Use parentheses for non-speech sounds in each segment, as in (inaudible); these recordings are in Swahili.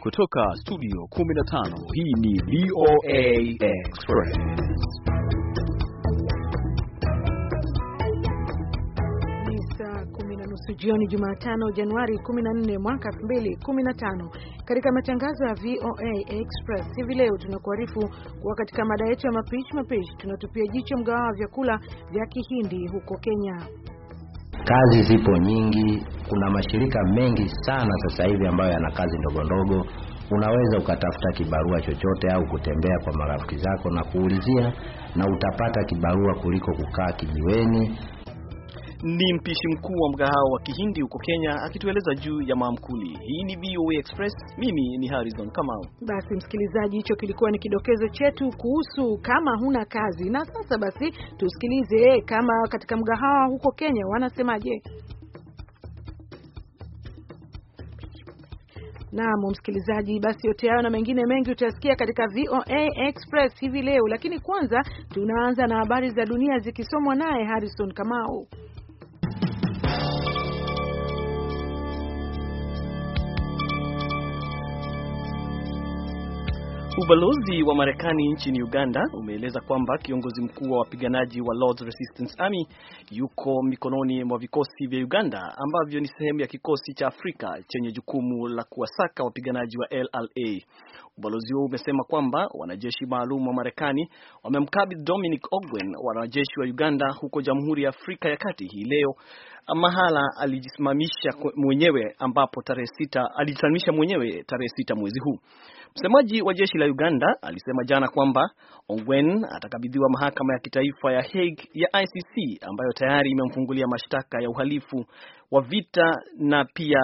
Kutoka studio 15 hii ni VOA Express. Ni saa kumi na nusu jioni Jumatano, Januari 14 mwaka 2015. Katika matangazo ya VOA Express hivi leo tunakuarifu kuwa katika mada yetu ya mapishi mapishi tunatupia jicho mgawao wa vyakula vya Kihindi huko Kenya. Kazi zipo nyingi, kuna mashirika mengi sana sasa hivi ambayo yana kazi ndogo ndogo. Unaweza ukatafuta kibarua chochote au kutembea kwa marafiki zako na kuulizia, na utapata kibarua kuliko kukaa kijiweni ni mpishi mkuu wa mgahawa wa Kihindi huko Kenya, akitueleza juu ya maamkuli. Hii ni VOA Express, mimi ni Harrison Kamau. Basi msikilizaji, hicho kilikuwa ni kidokezo chetu kuhusu kama huna kazi, na sasa basi tusikilize kama katika mgahawa huko Kenya wanasemaje. Naam, msikilizaji, basi yote hayo na mengine mengi utasikia katika VOA Express hivi leo, lakini kwanza tunaanza na habari za dunia zikisomwa naye Harrison Kamau. Ubalozi wa Marekani nchini Uganda umeeleza kwamba kiongozi mkuu wa wapiganaji wa Lord's Resistance Army yuko mikononi mwa vikosi vya Uganda ambavyo ni sehemu ya kikosi cha Afrika chenye jukumu la kuwasaka wapiganaji wa LRA. Ubalozi huo umesema kwamba wanajeshi maalum wa Marekani wamemkabidhi Dominic Ogwen wanajeshi wa Uganda huko Jamhuri ya Afrika ya Kati hii leo, mahala alijisimamisha mwenyewe ambapo tarehe sita alijisimamisha mwenyewe tarehe sita mwezi huu. Msemaji wa jeshi la Uganda alisema jana kwamba Ongwen atakabidhiwa mahakama ya kitaifa ya Hague ya ICC ambayo tayari imemfungulia mashtaka ya uhalifu wa vita na pia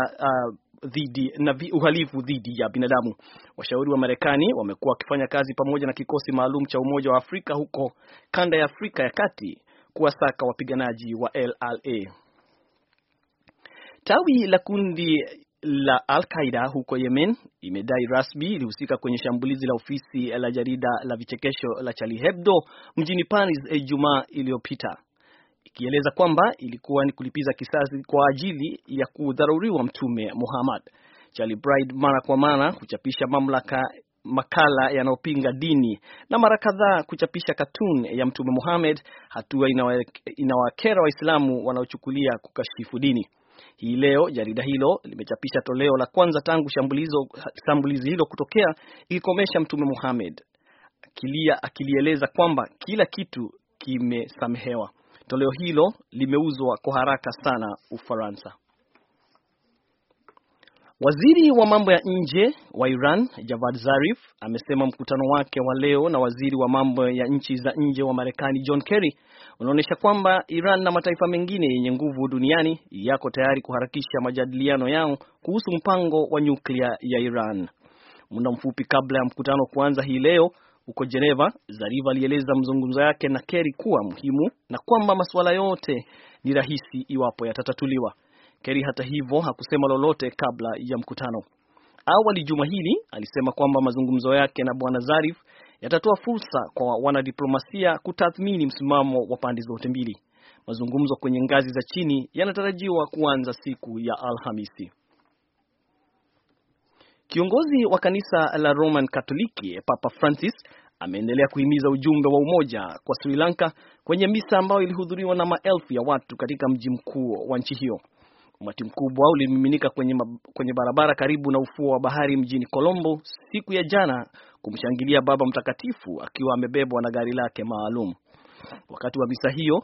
uh, dhidi na uhalifu dhidi ya binadamu. Washauri wa Marekani wamekuwa wakifanya kazi pamoja na kikosi maalum cha Umoja wa Afrika huko kanda ya Afrika ya Kati kuwasaka wapiganaji wa LRA. Tawi la kundi la Al-Qaida huko Yemen imedai rasmi ilihusika kwenye shambulizi la ofisi la jarida la vichekesho la Charlie Hebdo mjini Paris Ijumaa iliyopita ikieleza kwamba ilikuwa ni kulipiza kisasi kwa ajili ya kudharuriwa Mtume Muhammad. Charlie Bride mara kwa mara kuchapisha mamlaka makala yanayopinga dini na mara kadhaa kuchapisha katun ya Mtume Muhammad, hatua inawakera Waislamu wanaochukulia kukashifu dini. Hii leo jarida hilo limechapisha toleo la kwanza tangu shambulizi hilo kutokea, ikikomesha Mtume Muhammad akilia, akilieleza kwamba kila kitu kimesamehewa. Toleo hilo limeuzwa kwa haraka sana Ufaransa. Waziri wa mambo ya nje wa Iran Javad Zarif amesema mkutano wake wa leo na waziri wa mambo ya nchi za nje wa Marekani John Kerry unaonyesha kwamba Iran na mataifa mengine yenye nguvu duniani yako tayari kuharakisha majadiliano yao kuhusu mpango wa nyuklia ya Iran. Muda mfupi kabla ya mkutano kuanza hii leo, huko Geneva, Zariva alieleza mzungumzo yake na Kerry kuwa muhimu na kwamba masuala yote ni rahisi iwapo yatatatuliwa. Kerry hata hivyo hakusema lolote kabla ya mkutano. Awali juma hili alisema kwamba mazungumzo yake na Bwana Zarif yatatoa fursa kwa wanadiplomasia kutathmini msimamo wa pande zote mbili. Mazungumzo kwenye ngazi za chini yanatarajiwa kuanza siku ya Alhamisi. Kiongozi wa kanisa la Roman Katoliki Papa Francis ameendelea kuhimiza ujumbe wa umoja kwa Sri Lanka kwenye misa ambayo ilihudhuriwa na maelfu ya watu katika mji mkuu wa nchi hiyo. Umati mkubwa ulimiminika kwenye, kwenye barabara karibu na ufuo wa bahari mjini Colombo siku ya jana kumshangilia Baba Mtakatifu akiwa amebebwa na gari lake maalum. Wakati wa misa hiyo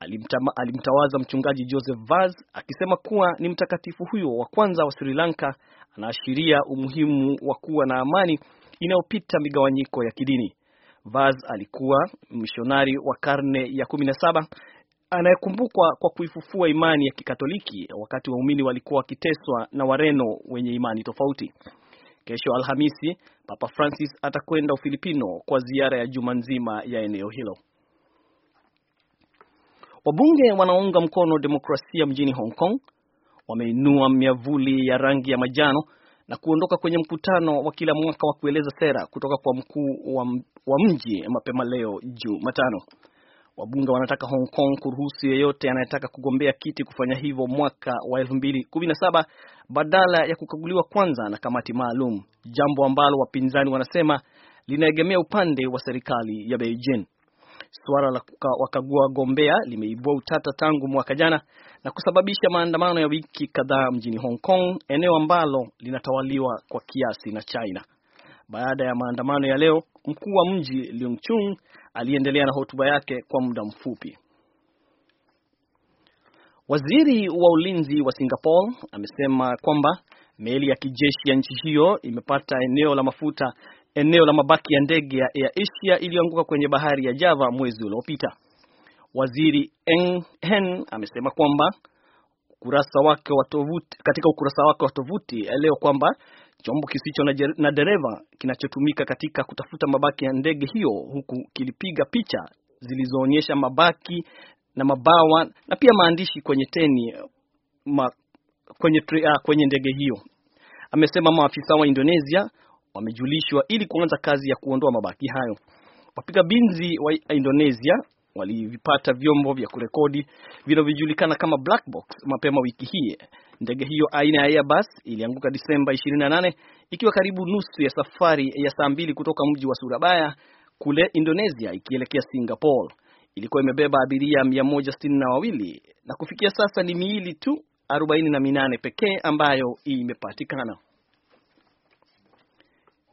alimtama, alimtawaza mchungaji Joseph Vaz akisema kuwa ni mtakatifu huyo wa kwanza wa Sri Lanka anaashiria umuhimu wa kuwa na amani inayopita migawanyiko ya kidini. Vaz alikuwa mishonari wa karne ya 17 anayekumbukwa kwa kuifufua imani ya Kikatoliki wakati waumini walikuwa wakiteswa na Wareno wenye imani tofauti. Kesho Alhamisi, Papa Francis atakwenda Ufilipino kwa ziara ya juma nzima ya eneo hilo. Wabunge wanaounga mkono demokrasia mjini Hong Kong wameinua miavuli ya rangi ya manjano na kuondoka kwenye mkutano wa kila mwaka wa kueleza sera kutoka kwa mkuu wa mji mapema leo Jumatano. Wabunge wanataka Hong Kong kuruhusu yeyote anayetaka kugombea kiti kufanya hivyo mwaka wa 2017 badala ya kukaguliwa kwanza na kamati maalum, jambo ambalo wapinzani wanasema linaegemea upande wa serikali ya Beijing. Suala la wakagua wagombea limeibua utata tangu mwaka jana na kusababisha maandamano ya wiki kadhaa mjini Hong Kong, eneo ambalo linatawaliwa kwa kiasi na China. Baada ya maandamano ya leo, mkuu wa mji Leung Chung aliendelea na hotuba yake kwa muda mfupi. Waziri wa ulinzi wa Singapore amesema kwamba meli ya kijeshi ya nchi hiyo imepata eneo la mafuta eneo la mabaki ya ndege ya Air Asia iliyoanguka kwenye bahari ya Java mwezi uliopita. Waziri Hen amesema kwamba ukurasa wake wa tovuti, katika ukurasa wake wa tovuti leo kwamba chombo kisicho na dereva kinachotumika katika kutafuta mabaki ya ndege hiyo, huku kilipiga picha zilizoonyesha mabaki na mabawa na pia maandishi kwenye teni ma, kwenye, ah, kwenye ndege hiyo. Amesema maafisa wa Indonesia wamejulishwa ili kuanza kazi ya kuondoa mabaki hayo. Wapiga binzi wa Indonesia walivipata vyombo vya kurekodi vinavyojulikana kama black box mapema wiki hii. Ndege hiyo aina ya Airbus ilianguka Disemba 28 ikiwa karibu nusu ya safari ya saa mbili kutoka mji wa Surabaya kule Indonesia ikielekea Singapore. Ilikuwa imebeba abiria 162 na kufikia sasa ni miili tu 48 pekee ambayo imepatikana.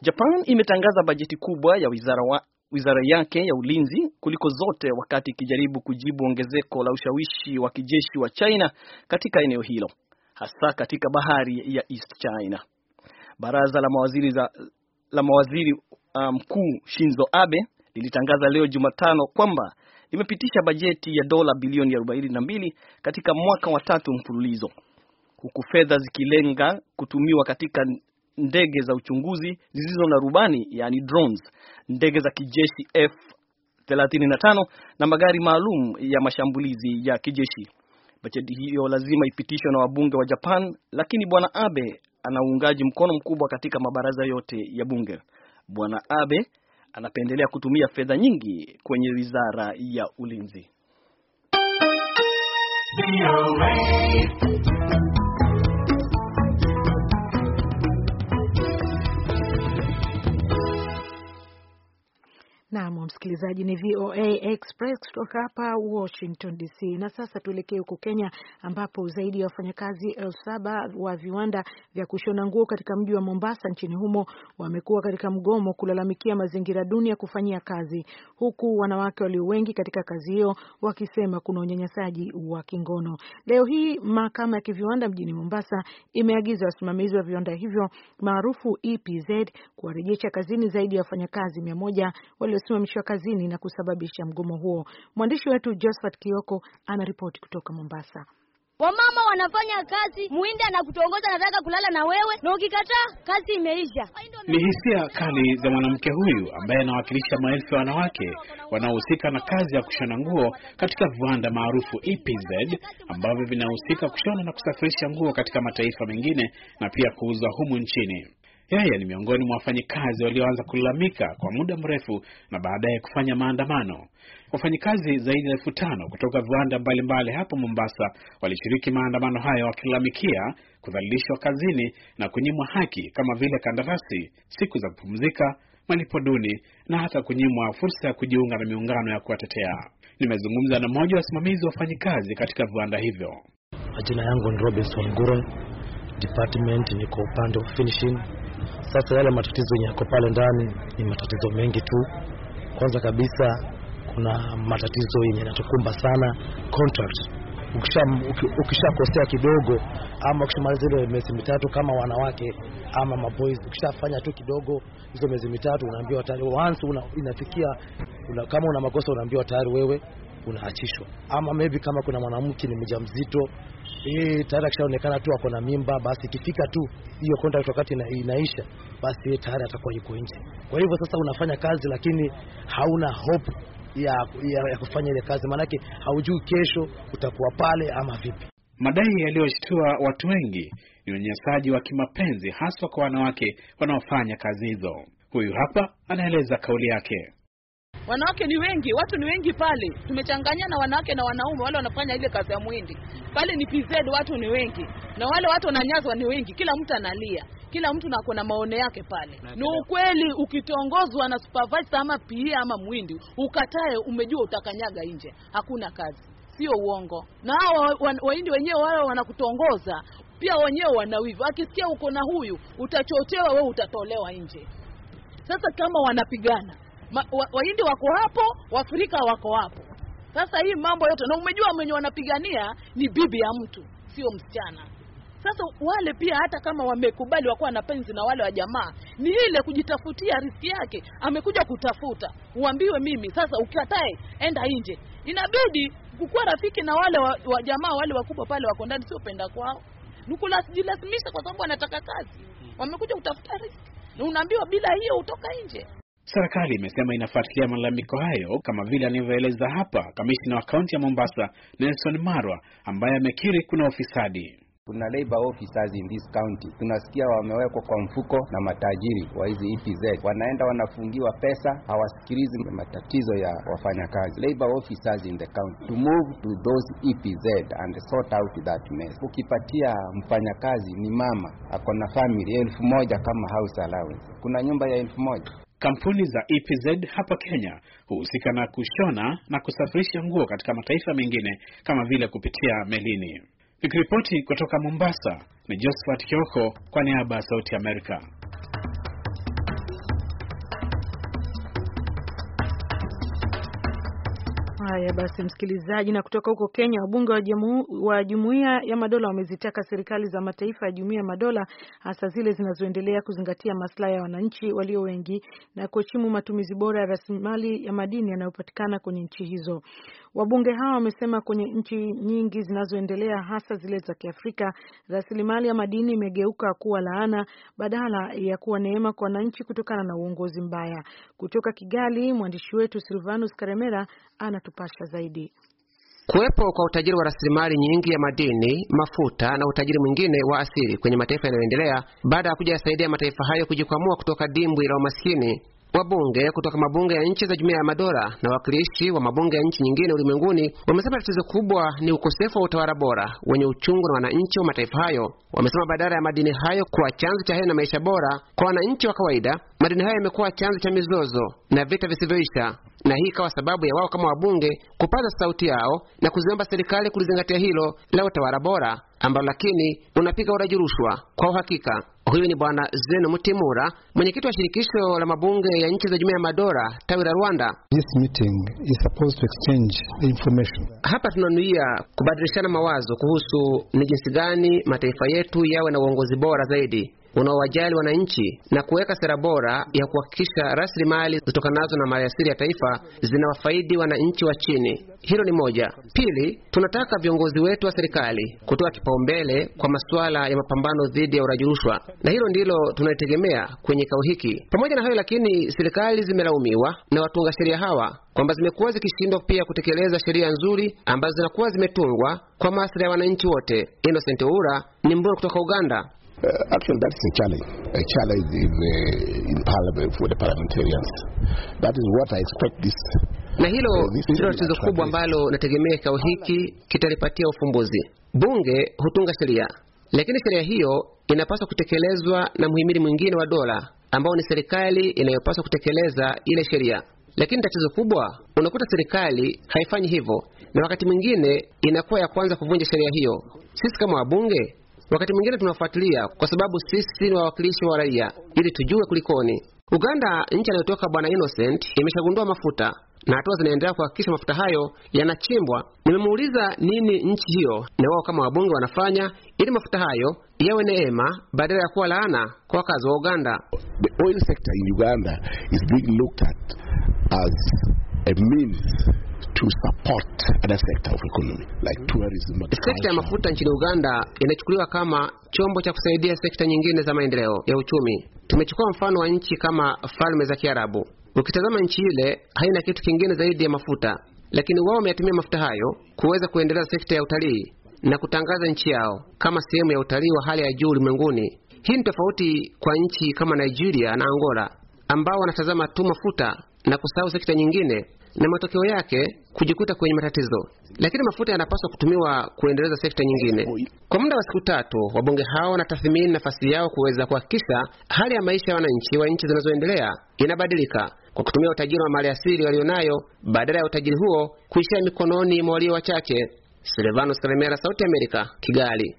Japan imetangaza bajeti kubwa ya wizara, wa, wizara yake ya ulinzi kuliko zote wakati ikijaribu kujibu ongezeko la ushawishi wa kijeshi wa China katika eneo hilo hasa katika bahari ya East China. Baraza la mawaziri, za, la mawaziri uh, mkuu um, Shinzo Abe lilitangaza leo Jumatano kwamba limepitisha bajeti ya dola bilioni 42 katika mwaka wa tatu mfululizo huku fedha zikilenga kutumiwa katika ndege za uchunguzi zisizo na rubani yani drones, ndege za kijeshi F35 na magari maalum ya mashambulizi ya kijeshi. Bajeti hiyo lazima ipitishwe na wabunge wa Japan, lakini bwana Abe ana uungaji mkono mkubwa katika mabaraza yote ya bunge. Bwana Abe anapendelea kutumia fedha nyingi kwenye wizara ya ulinzi. làm msikilizaji, ni VOA Express kutoka hapa Washington DC. Na sasa tuelekee huko Kenya, ambapo zaidi ya wafanyakazi elfu saba wa viwanda vya kushona nguo katika mji wa Mombasa nchini humo wamekuwa katika mgomo kulalamikia mazingira duni ya kufanyia kazi, huku wanawake walio wengi katika kazi hiyo wakisema kuna unyanyasaji wa kingono. Leo hii mahakama ya kiviwanda mjini Mombasa imeagiza wasimamizi wa viwanda hivyo maarufu EPZ kuwarejesha kazini zaidi ya wafanyakazi mia moja waliosimamishwa kurejeshwa kazini na kusababisha mgomo huo. Mwandishi wetu Josephat Kioko anaripoti kutoka Mombasa. Wamama wanafanya kazi, na anakutongoza, anataka kulala na wewe, na ukikataa kazi imeisha. Ni hisia kali za mwanamke huyu ambaye anawakilisha maelfu ya wanawake wanaohusika na kazi ya kushona nguo katika viwanda maarufu EPZ ambavyo vinahusika kushona na kusafirisha nguo katika mataifa mengine na pia kuuza humu nchini. Yeye ni miongoni mwa wafanyikazi walioanza kulalamika kwa muda mrefu na baadaye kufanya maandamano. Wafanyikazi zaidi ya elfu tano kutoka viwanda mbalimbali hapo Mombasa walishiriki maandamano hayo wakilalamikia kudhalilishwa kazini na kunyimwa haki kama vile kandarasi, siku za kupumzika, malipo duni na hata kunyimwa fursa ya kujiunga na miungano ya kuwatetea. Nimezungumza na mmoja wa wasimamizi wa wafanyikazi katika viwanda hivyo. Majina yangu ni Robinson Gure, department niko upande wa finishing sasa yale matatizo yenye yako pale ndani ni matatizo mengi tu. Kwanza kabisa kuna matatizo yenye yanatukumba sana contract ukishakosea kidogo ama ukishamaliza ile miezi mitatu kama wanawake ama maboys, ukishafanya tu kidogo hizo miezi mitatu, unaambiwa tayari once una, inafikia una, kama una makosa unaambiwa tayari wewe unaachishwa, ama maybe kama kuna mwanamke ni mjamzito eh, tayari akishaonekana tu ako na mimba, basi ikifika tu hiyo contract wakati ina, inaisha, basi yeye tayari atakuwa yuko nje. Kwa hivyo sasa unafanya kazi lakini hauna hope ya, ya, ya kufanya ile kazi, maanake haujui kesho utakuwa pale ama vipi. Madai yaliyoshtua watu wengi ni unyanyasaji wa kimapenzi haswa kwa wanawake wanaofanya kazi hizo. Huyu hapa anaeleza kauli yake. Wanawake ni wengi, watu ni wengi pale, tumechanganya na wanawake na wanaume. Wale wanafanya ile kazi ya mwindi pale ni PZ, watu ni wengi, na wale watu wananyazwa ni wengi, kila mtu analia kila mtu nako na maone yake pale. Ni ukweli, ukitongozwa na supervisor ama PA ama mwindi ukatae, umejua utakanyaga nje, hakuna kazi, sio uongo. Na hao waindi wenyewe wao wanakutongoza pia, wenyewe wanawivu, akisikia uko na huyu utachochewa, wewe utatolewa nje. Sasa kama wanapigana Wahindi wa wako hapo, Waafrika wako hapo. Sasa hii mambo yote na umejua mwenye wanapigania ni bibi ya mtu, sio msichana. Sasa wale pia hata kama wamekubali wakuwa na penzi na wale wa jamaa, ni ile kujitafutia riski yake. Amekuja kutafuta, uambiwe mimi sasa, ukatae enda nje. Inabidi kukuwa rafiki na wale wa, wa jamaa wale wakubwa pale wako ndani, sio penda kwao nikujilazimisha kwa sababu wanataka kazi, hmm. wamekuja kutafuta riski, na unaambiwa bila hiyo utoka nje. Serikali imesema inafuatilia malalamiko hayo kama vile anavyoeleza hapa kamishna wa kaunti ya Mombasa Nelson Marwa ambaye amekiri kuna ufisadi. Kuna labor officers in this county tunasikia wamewekwa kwa mfuko na matajiri wa hizi EPZ, wanaenda wanafungiwa pesa, hawasikilizi matatizo ya wafanyakazi. Labor officers in the county to move to those EPZ and sort out that mess. Ukipatia mfanyakazi ni mama ako na family elfu moja kama house allowance, kuna nyumba ya elfu moja Kampuni za EPZ hapa Kenya huhusika na kushona na kusafirisha nguo katika mataifa mengine kama vile kupitia melini. Nikiripoti kutoka Mombasa ni Josephat Kioko kwa niaba ya Sauti Amerika. Haya basi, msikilizaji. Na kutoka huko Kenya, wabunge wa, jamu, wa Jumuiya ya Madola wamezitaka serikali za mataifa ya Jumuiya ya Madola, hasa zile zinazoendelea, kuzingatia maslahi ya wananchi walio wengi na kuheshimu matumizi bora ya rasilimali ya madini yanayopatikana kwenye nchi hizo. Wabunge hao wamesema kwenye nchi nyingi zinazoendelea, hasa zile za Kiafrika, rasilimali ya madini imegeuka kuwa laana badala ya kuwa neema kwa wananchi kutokana na uongozi mbaya. Kutoka Kigali, mwandishi wetu Silvanus Karemera anatupasha zaidi. Kuwepo kwa utajiri wa rasilimali nyingi ya madini, mafuta na utajiri mwingine wa asili kwenye mataifa yanayoendelea baada ya kuja yasaidia mataifa hayo kujikwamua kutoka dimbwi la umaskini Wabunge kutoka mabunge ya nchi za Jumuiya ya Madola na wawakilishi wa mabunge ya nchi nyingine ulimwenguni wamesema tatizo kubwa ni ukosefu wa utawala bora wenye uchungu na wananchi wa mataifa hayo. Wamesema badala ya madini hayo kuwa chanzo cha heri na maisha bora kwa wananchi wa kawaida, madini hayo yamekuwa chanzo cha mizozo na vita visivyoisha, na hii ikawa sababu ya wao kama wabunge kupaza sauti yao na kuziomba serikali kulizingatia hilo la utawala bora ambalo lakini unapiga uraji rushwa kwa uhakika. Huyu ni Bwana Zeno Mutimura, mwenyekiti wa shirikisho la mabunge ya nchi za jumuiya ya madola tawi la Rwanda. This meeting is supposed to exchange the information. Hapa tunanuia kubadilishana mawazo kuhusu ni jinsi gani mataifa yetu yawe na uongozi bora zaidi unaowajali wananchi na kuweka sera bora ya kuhakikisha rasilimali zitokanazo na maliasili ya taifa zinawafaidi wananchi wa chini. Hilo ni moja. Pili, tunataka viongozi wetu wa serikali kutoa kipaumbele kwa masuala ya mapambano dhidi ya uraji rushwa, na hilo ndilo tunalitegemea kwenye kikao hiki. Pamoja na hayo lakini, serikali zimelaumiwa na watunga sheria hawa kwamba zimekuwa zikishindwa pia kutekeleza sheria nzuri ambazo zinakuwa zimetungwa kwa maslahi ya wananchi wote. Innocent Ura ni mbunge kutoka Uganda. Uh, actually, that is a challenge, a challenge in, uh, in parliament for the parliamentarians. That is what I expect this. Na hilo ndilo uh, tatizo kubwa ambalo nategemea kikao hiki kitalipatia ufumbuzi. Bunge hutunga sheria, lakini sheria hiyo inapaswa kutekelezwa na mhimili mwingine wa dola ambao ni serikali inayopaswa kutekeleza ile sheria. Lakini tatizo kubwa, unakuta serikali haifanyi hivyo, na wakati mwingine inakuwa ya kwanza kuvunja sheria hiyo. Sisi kama wabunge wakati mwingine tunafuatilia kwa sababu sisi ni wawakilishi wa raia, ili tujue kulikoni. Uganda, nchi anayotoka Bwana Innocent, imeshagundua mafuta na hatua zinaendelea kuhakikisha mafuta hayo yanachimbwa. Nimemuuliza nini nchi hiyo na wao kama wabunge wanafanya ili mafuta hayo yawe neema badala ya kuwa laana kwa wakazi wa Uganda. The oil sector in Uganda is being looked at as a means to support other sector of economy like tourism. Sekta ya mafuta nchini Uganda inachukuliwa kama chombo cha kusaidia sekta nyingine za maendeleo ya uchumi. Tumechukua mfano wa nchi kama Falme za Kiarabu. Ukitazama nchi ile haina kitu kingine zaidi ya mafuta, lakini wao wameyatumia mafuta hayo kuweza kuendeleza sekta ya utalii na kutangaza nchi yao kama sehemu ya utalii wa hali ya juu ulimwenguni. Hii ni tofauti kwa nchi kama Nigeria na Angola ambao wanatazama tu mafuta na kusahau sekta nyingine na matokeo yake kujikuta kwenye matatizo. Lakini mafuta yanapaswa kutumiwa kuendeleza sekta nyingine. Kwa muda wa siku tatu, wabunge hao wanatathimini nafasi yao kuweza kuhakikisha hali ya maisha ya wananchi wa nchi zinazoendelea inabadilika kwa kutumia utajiri wa maliasili walionayo badala ya utajiri huo kuishia mikononi mwa walio wachache. Silvanus Karemera, Sauti ya Amerika, Kigali.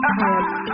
Ah,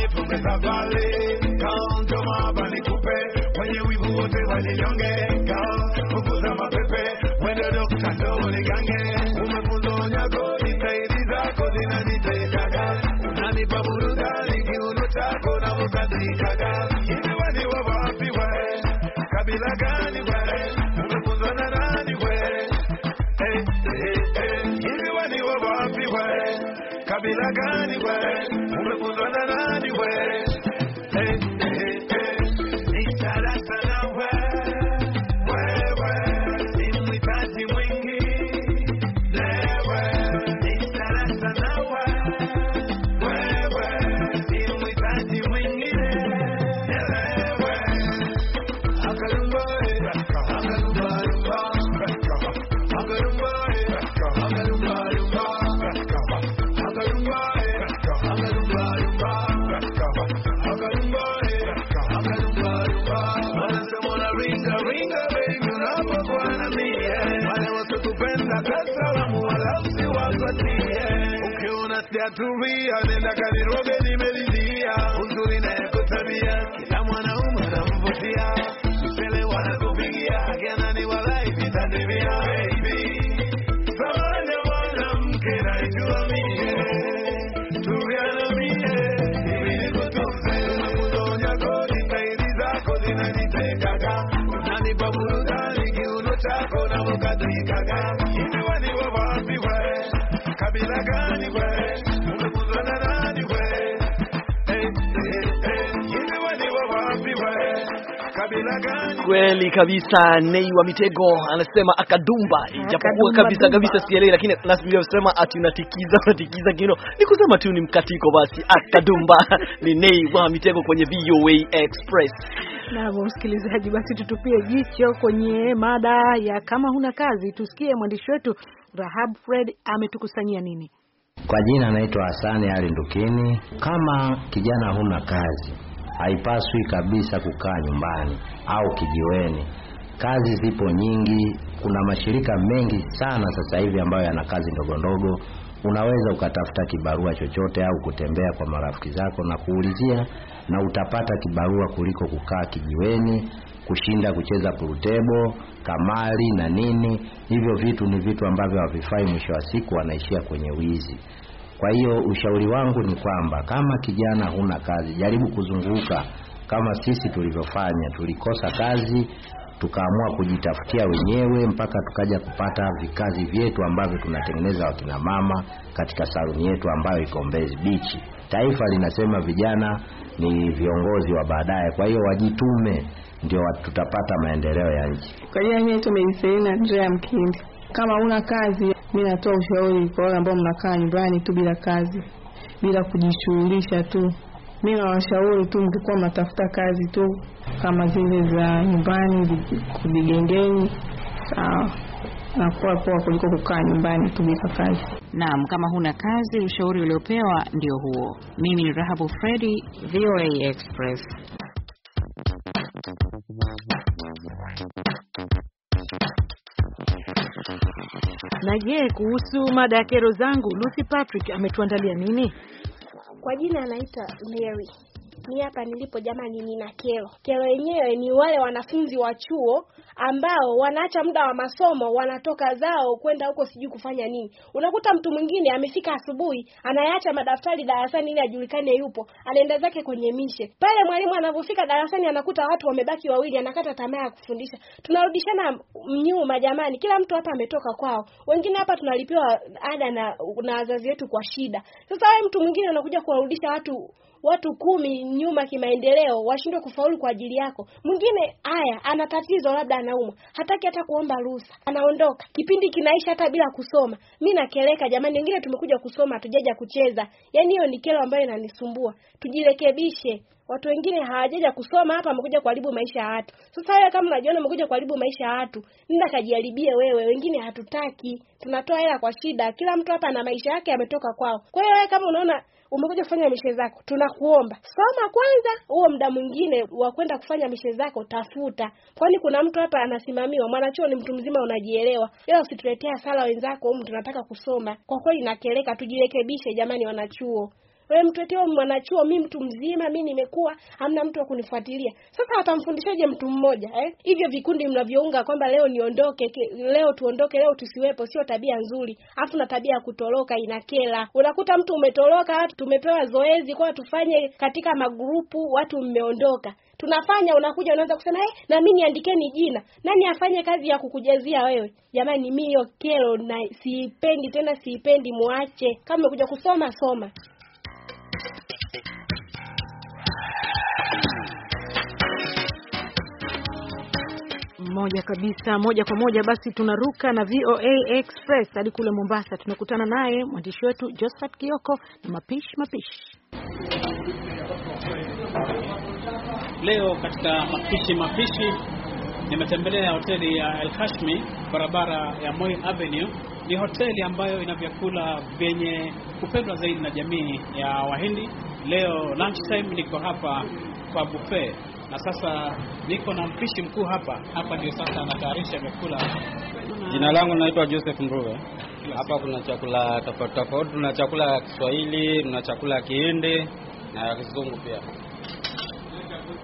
pesa vale Kama ndio mahaba nikupe Wenye wivu wote walinyonge Kama kukuza mapepe Mwende doka ndo uligange Umefunzo nyago nitairi zako zinanitekaga Unanipa burudani kiuno chako na mukadikaga Hivi wani wa wapi we Kabila gani we Umefunzwa na nani we hey, hey, hey. Hivi wani wa wapi we Kabila gani we away ukiona sijatulia nenda kaniroge nimelizia uzuri nayako tabia kila mwanaume anamvutia msele wanakupigia aganani walai vitandivia baby mwanamke naijua mie tuliana mie kodi zako unanipa burudani kiuno chako Kweli kabisa. Nei wa Mitego anasema akadumba, ijapokuwa kabisa kabisa sielewi, lakini nasema ati unatikiza unatikiza (laughs) kino, ni kusema tu ni mkatiko basi. Akadumba (laughs) ni Nei wa Mitego kwenye VOA Express. Na msikilizaji, basi tutupie jicho kwenye mada ya kama huna kazi, tusikie mwandishi wetu Rahab Fred ametukusanyia nini. Kwa jina anaitwa Hasani Ali Ndukini. Kama kijana huna kazi haipaswi kabisa kukaa nyumbani au kijiweni. Kazi zipo nyingi, kuna mashirika mengi sana sasa hivi ambayo yana kazi ndogo ndogo. Unaweza ukatafuta kibarua chochote au kutembea kwa marafiki zako na kuulizia, na utapata kibarua kuliko kukaa kijiweni, kushinda kucheza pulutebo, kamari na nini. Hivyo vitu ni vitu ambavyo havifai, mwisho wa siku wanaishia kwenye wizi. Kwa hiyo ushauri wangu ni kwamba kama kijana huna kazi, jaribu kuzunguka kama sisi tulivyofanya. Tulikosa kazi tukaamua kujitafutia wenyewe mpaka tukaja kupata vikazi vyetu ambavyo tunatengeneza wakina mama katika saluni yetu ambayo iko Mbezi Beach. Taifa linasema vijana ni viongozi wa baadaye, kwa hiyo wajitume, ndio tutapata maendeleo ya nchi. Kwa jina mimi tumeisema Andrea Mkindi. Kama una kazi mimi natoa ushauri kwa wale ambao mnakaa nyumbani tu bila kazi, bila kujishughulisha tu. Mimi nawashauri tu, mkikuwa mnatafuta kazi tu kama zile za nyumbani vigengeni, sawa nakuwa poa kuliko kukaa nyumbani tu bila kazi. Naam, kama huna kazi, ushauri uliopewa ndio huo. Mimi ni Rahabu Fredi, VOA Express. Na je, kuhusu mada ya kero zangu, Lucy Patrick ametuandalia nini? Kwa jina anaita Mary mi hapa nilipo jamani, nina kero. Kero yenyewe ni wale wanafunzi wa chuo ambao wanaacha muda wa masomo, wanatoka zao kwenda huko sijui kufanya nini. Unakuta mtu mwingine amefika asubuhi, anayaacha madaftari darasani ili ajulikane yupo, anaenda zake kwenye mishe. Pale mwalimu anapofika darasani, anakuta watu wamebaki wawili, anakata tamaa ya kufundisha. Tunarudishana nyuma jamani, kila mtu hapa ametoka kwao. Wengine hapa tunalipiwa ada na na wazazi wetu kwa shida. Sasa wewe mtu mwingine unakuja kuwarudisha watu watu kumi nyuma kimaendeleo washindwe kufaulu kwa ajili yako. Mwingine haya ana tatizo, labda anaumwa, hataki hata kuomba ruhusa, anaondoka, kipindi kinaisha hata bila kusoma. Mi nakeleka jamani, wengine tumekuja kusoma, hatujaja kucheza. Yaani hiyo ni kero ambayo inanisumbua, tujirekebishe. Watu wengine hawajaja kusoma hapa, amekuja kuharibu maisha ya watu. Sasa wewe kama unajiona umekuja kuharibu maisha ya watu, nenda kajiharibie wewe. Wengine hatutaki, tunatoa hela kwa shida. Kila mtu hapa ana maisha yake, ametoka kwao. Kwa hiyo wewe kama unaona umekuja kufanya mishe zako, tunakuomba soma kwanza. Huo muda mwingine wa kwenda kufanya mishe zako tafuta, kwani kuna mtu hapa anasimamiwa. Mwanachuo ni mtu mzima, unajielewa, ila usituletea sala wenzako humu, tunataka kusoma. Kwa kweli nakeleka, tujirekebishe jamani, wanachuo wewe mtweteo mwanachuo, mi mtu mzima, mi nimekuwa, hamna mtu wa kunifuatilia. Sasa watamfundishaje mtu mmoja eh? Hivyo vikundi mnavyounga kwamba leo niondoke, leo tuondoke, leo tusiwepo, sio tabia nzuri. Alafu na tabia ya kutoroka inakela. Unakuta mtu umetoroka, watu tumepewa zoezi kwa tufanye katika magrupu, watu mmeondoka tunafanya unakuja, unaanza kusema eh, na mimi niandikeni jina, nani afanye kazi ya kukujazia wewe? Jamani, mimi hiyo kero na siipendi tena, siipendi, muache. Kama umekuja kusoma soma. Moja kabisa, moja kwa moja basi tunaruka na VOA Express hadi kule Mombasa. Tunakutana naye mwandishi wetu Josephat Kioko na mapishi mapishi. Leo katika mapishi mapishi nimetembelea hoteli ya El Kashmi barabara ya Moi Avenue. Ni hoteli ambayo ina vyakula vyenye kupendwa zaidi na jamii ya Wahindi Leo lunchtime niko hapa kwa buffet na sasa niko na mpishi mkuu hapa hapa, ndio sasa anatayarisha vyakula. Jina langu naitwa Joseph mruwe Hapa kuna chakula tofauti tofauti, tuna chakula ya Kiswahili, tuna chakula ya Kihindi na ya Kizungu pia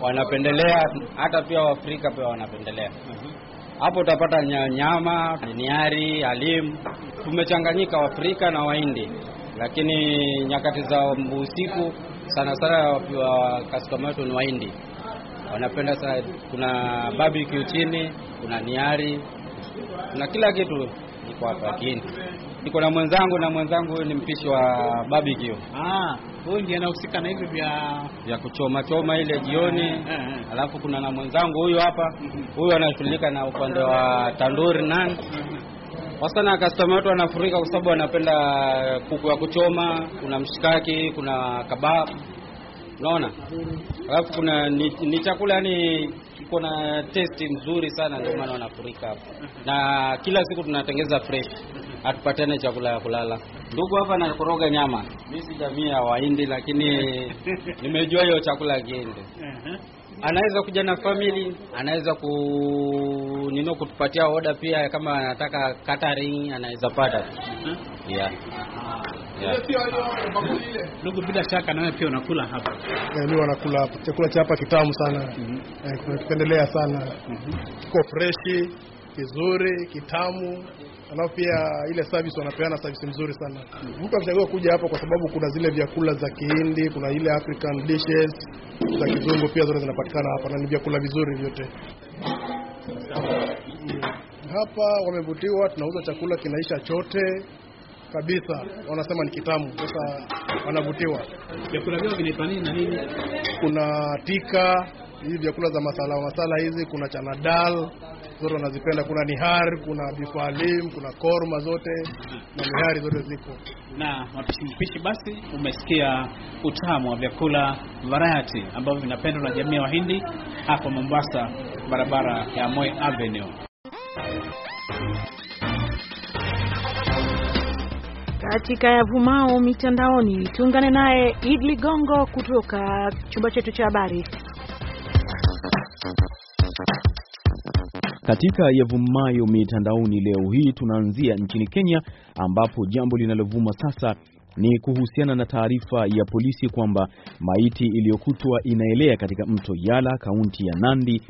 wanapendelea, hata pia Waafrika pia wanapendelea mhm. hapo. Utapata nyama, niari, alimu, tumechanganyika Waafrika na waindi lakini nyakati za usiku sana sana wa customer wetu ni Wahindi, wanapenda sana. Kuna barbecue chini, kuna niari, kuna kila kitu iko hapa Kihindi. Niko na mwenzangu na mwenzangu ni mpishi wa barbecue. Ah, huyu ndiye anahusika na hivi vya vya kuchoma choma ile jioni. Eh, eh, eh. Alafu kuna na mwenzangu huyu hapa, mhm. huyu anashughulika na upande wa tandoori nani mhm. Wasana customer wetu wanafurika kwa sababu wanapenda kuku ya kuchoma, kuna mshikaki, kuna kabab, unaona. Alafu kuna ni, ni chakula yani kiko na testi nzuri sana, ndio maana wanafurika hapo, na kila siku tunatengeza fresh, hatupatane chakula ya kulala. Ndugu hapa nakoroga nyama, mimi si jamii ya Wahindi, lakini (laughs) nimejua hiyo chakula ya anaweza kuja na family, anaweza ku nino kutupatia oda pia, kama anataka catering anaweza pata. Hmm? Yeah. Yeah. Ndugu, bila shaka nawe pia unakula hapa? Eh, mimi wanakula hapa. Chakula cha hapa kitamu sana. Mm -hmm. Eh, sana. Mm -hmm. Kiko freshi, kizuri, kitamu. Alafu pia ile service wanapeana service nzuri sana. Mhm. Mtu mm -hmm. amechagua kuja hapa kwa sababu kuna zile vyakula za Kihindi, kuna ile African dishes za kizungu pia zote zinapatikana hapa na ni vyakula vizuri vyote hapa. Wamevutiwa, tunauza chakula kinaisha chote kabisa, wanasema ni kitamu. Sasa wanavutiwa. Vyakula vyao vinaitwa nini na nini? Kuna tika hivi vyakula za masala masala hizi, kuna chanadal zote wanazipenda. Kuna nihar, kuna bifalim, kuna korma zote na nihari zote ziko na mapishi mpishi. Basi umesikia utamu wa vyakula variety ambavyo vinapendwa na jamii ya Wahindi hapa Mombasa, barabara ya Moi Avenue. Katika yavumao mitandaoni, tuungane naye Idli Gongo kutoka chumba chetu cha habari. Katika yavumayo mitandaoni leo hii, tunaanzia nchini Kenya ambapo jambo linalovuma sasa ni kuhusiana na taarifa ya polisi kwamba maiti iliyokutwa inaelea katika mto Yala, kaunti ya Nandi,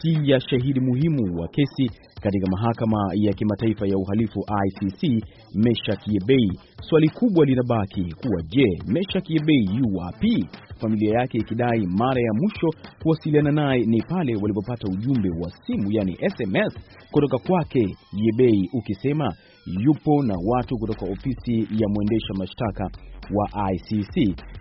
si ya shahidi muhimu wa kesi katika mahakama ya kimataifa ya uhalifu ICC, Meshack Yebei. Swali kubwa linabaki kuwa je, Meshack Yebei yu wapi? Familia yake ikidai mara ya mwisho kuwasiliana naye ni pale walipopata ujumbe wa simu, yani SMS kutoka kwake Yebei ukisema yupo na watu kutoka ofisi ya mwendesha mashtaka wa ICC.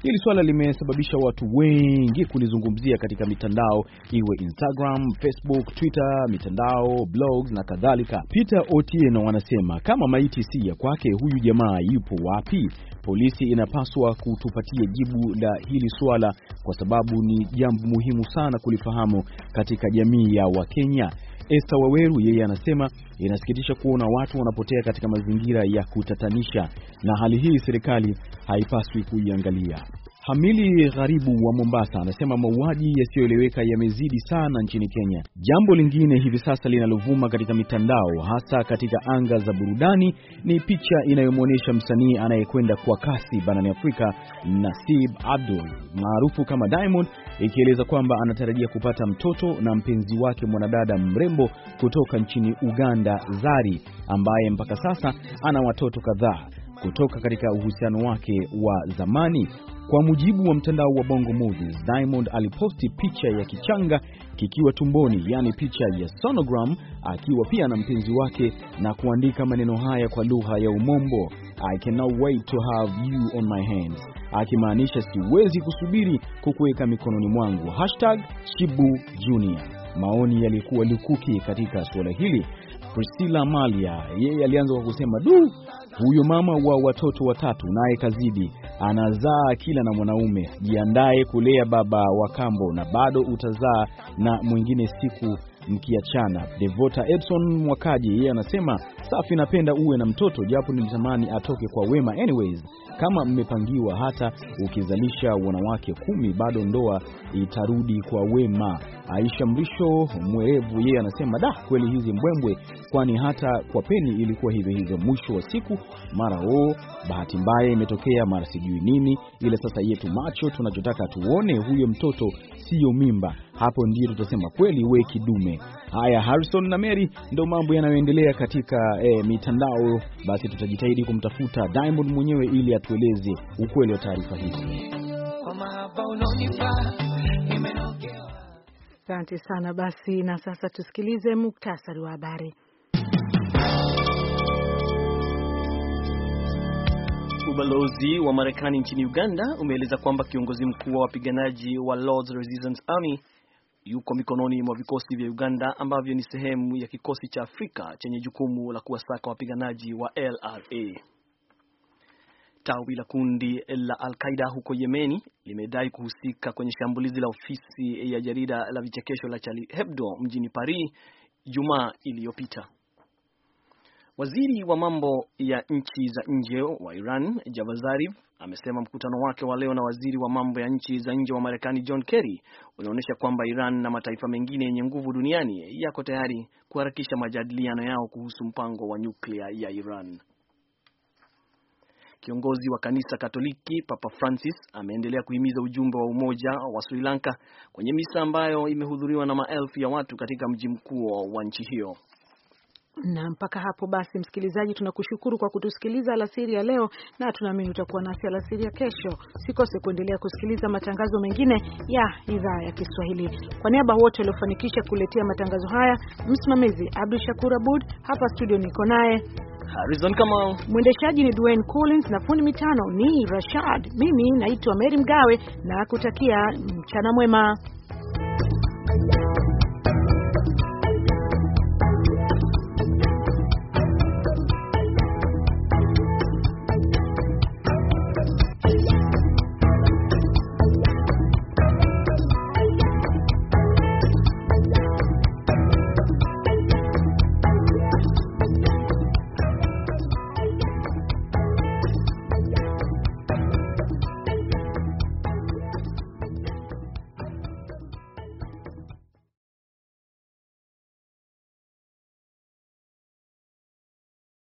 Hili swala limesababisha watu wengi kulizungumzia katika mitandao iwe Instagram, Facebook, Twitter, mitandao, blogs na kadhalika. Peter Otieno wanasema kama maiti si ya kwake, huyu jamaa yupo wapi? Polisi inapaswa kutupatia jibu la hili swala, kwa sababu ni jambo muhimu sana kulifahamu katika jamii ya Wakenya. Esther Waweru yeye anasema inasikitisha kuona watu wanapotea katika mazingira ya kutatanisha, na hali hii serikali haipaswi kuiangalia. Hamili Gharibu wa Mombasa anasema mauaji yasiyoeleweka yamezidi sana nchini Kenya. Jambo lingine hivi sasa linalovuma katika mitandao, hasa katika anga za burudani, ni picha inayomwonyesha msanii anayekwenda kwa kasi barani Afrika, Nasib Abdul maarufu kama Diamond, ikieleza kwamba anatarajia kupata mtoto na mpenzi wake mwanadada mrembo kutoka nchini Uganda, Zari, ambaye mpaka sasa ana watoto kadhaa kutoka katika uhusiano wake wa zamani kwa mujibu wa mtandao wa Bongo Movies, Diamond aliposti picha ya kichanga kikiwa tumboni, yaani picha ya sonogram, akiwa pia na mpenzi wake na kuandika maneno haya kwa lugha ya Umombo, I cannot wait to have you on my hands, akimaanisha siwezi kusubiri kukuweka mikononi mwangu, hashtag shibu Junior. Maoni yalikuwa lukuki katika suala hili. Priscilla Malia yeye alianza kwa kusema du, huyo mama wa watoto watatu naye kazidi, anazaa kila na mwanaume. Jiandaye kulea baba wa kambo, na bado utazaa na mwingine siku mkiachana. Devota Edson Mwakaji yeye anasema safi, napenda uwe na mtoto japo nilitamani atoke kwa wema. Anyways, kama mmepangiwa, hata ukizalisha wanawake kumi bado ndoa itarudi kwa wema. Aisha Mrisho mwerevu yeye anasema da, kweli hizi mbwembwe, kwani hata kwa peni ilikuwa hivyo hivyo. Mwisho wa siku mara o bahati mbaya imetokea, mara sijui nini, ila sasa yetu macho tunachotaka tuone huyo mtoto, siyo mimba. Hapo ndio tutasema kweli we kidume. Haya, Harrison na Mary, ndo mambo yanayoendelea katika e, mitandao. Basi tutajitahidi kumtafuta Diamond mwenyewe ili atueleze ukweli wa taarifa hizi. Asante sana. Basi na sasa tusikilize muktasari wa habari. Ubalozi wa Marekani nchini Uganda umeeleza kwamba kiongozi mkuu wa wapiganaji wa Lords Resistance Army yuko mikononi mwa vikosi vya Uganda ambavyo ni sehemu ya kikosi cha Afrika chenye jukumu la kuwasaka wapiganaji wa LRA. Tawi la kundi la Al-Qaida huko Yemeni limedai kuhusika kwenye shambulizi la ofisi ya jarida la vichekesho la Charlie Hebdo mjini Paris Jumaa iliyopita. Waziri wa mambo ya nchi za nje wa Iran, Javad Zarif, amesema mkutano wake wa leo na waziri wa mambo ya nchi za nje wa Marekani John Kerry unaonyesha kwamba Iran na mataifa mengine yenye nguvu duniani yako tayari kuharakisha majadiliano yao kuhusu mpango wa nyuklia ya Iran. Kiongozi wa kanisa Katoliki Papa Francis ameendelea kuhimiza ujumbe wa umoja wa Sri Lanka kwenye misa ambayo imehudhuriwa na maelfu ya watu katika mji mkuu wa nchi hiyo. Na mpaka hapo basi, msikilizaji, tunakushukuru kwa kutusikiliza alasiri ya leo, na tunaamini utakuwa nasi alasiri ya kesho. Sikose kuendelea kusikiliza matangazo mengine ya idhaa ya Kiswahili. Kwa niaba wote waliofanikisha kuletea matangazo haya, msimamizi Abdu Shakur Abud, hapa studio niko naye Harrison Kamau, mwendeshaji ni Dwayne Collins na fundi mitano ni Rashad. Mimi naitwa Mary Mgawe na kutakia mchana mwema.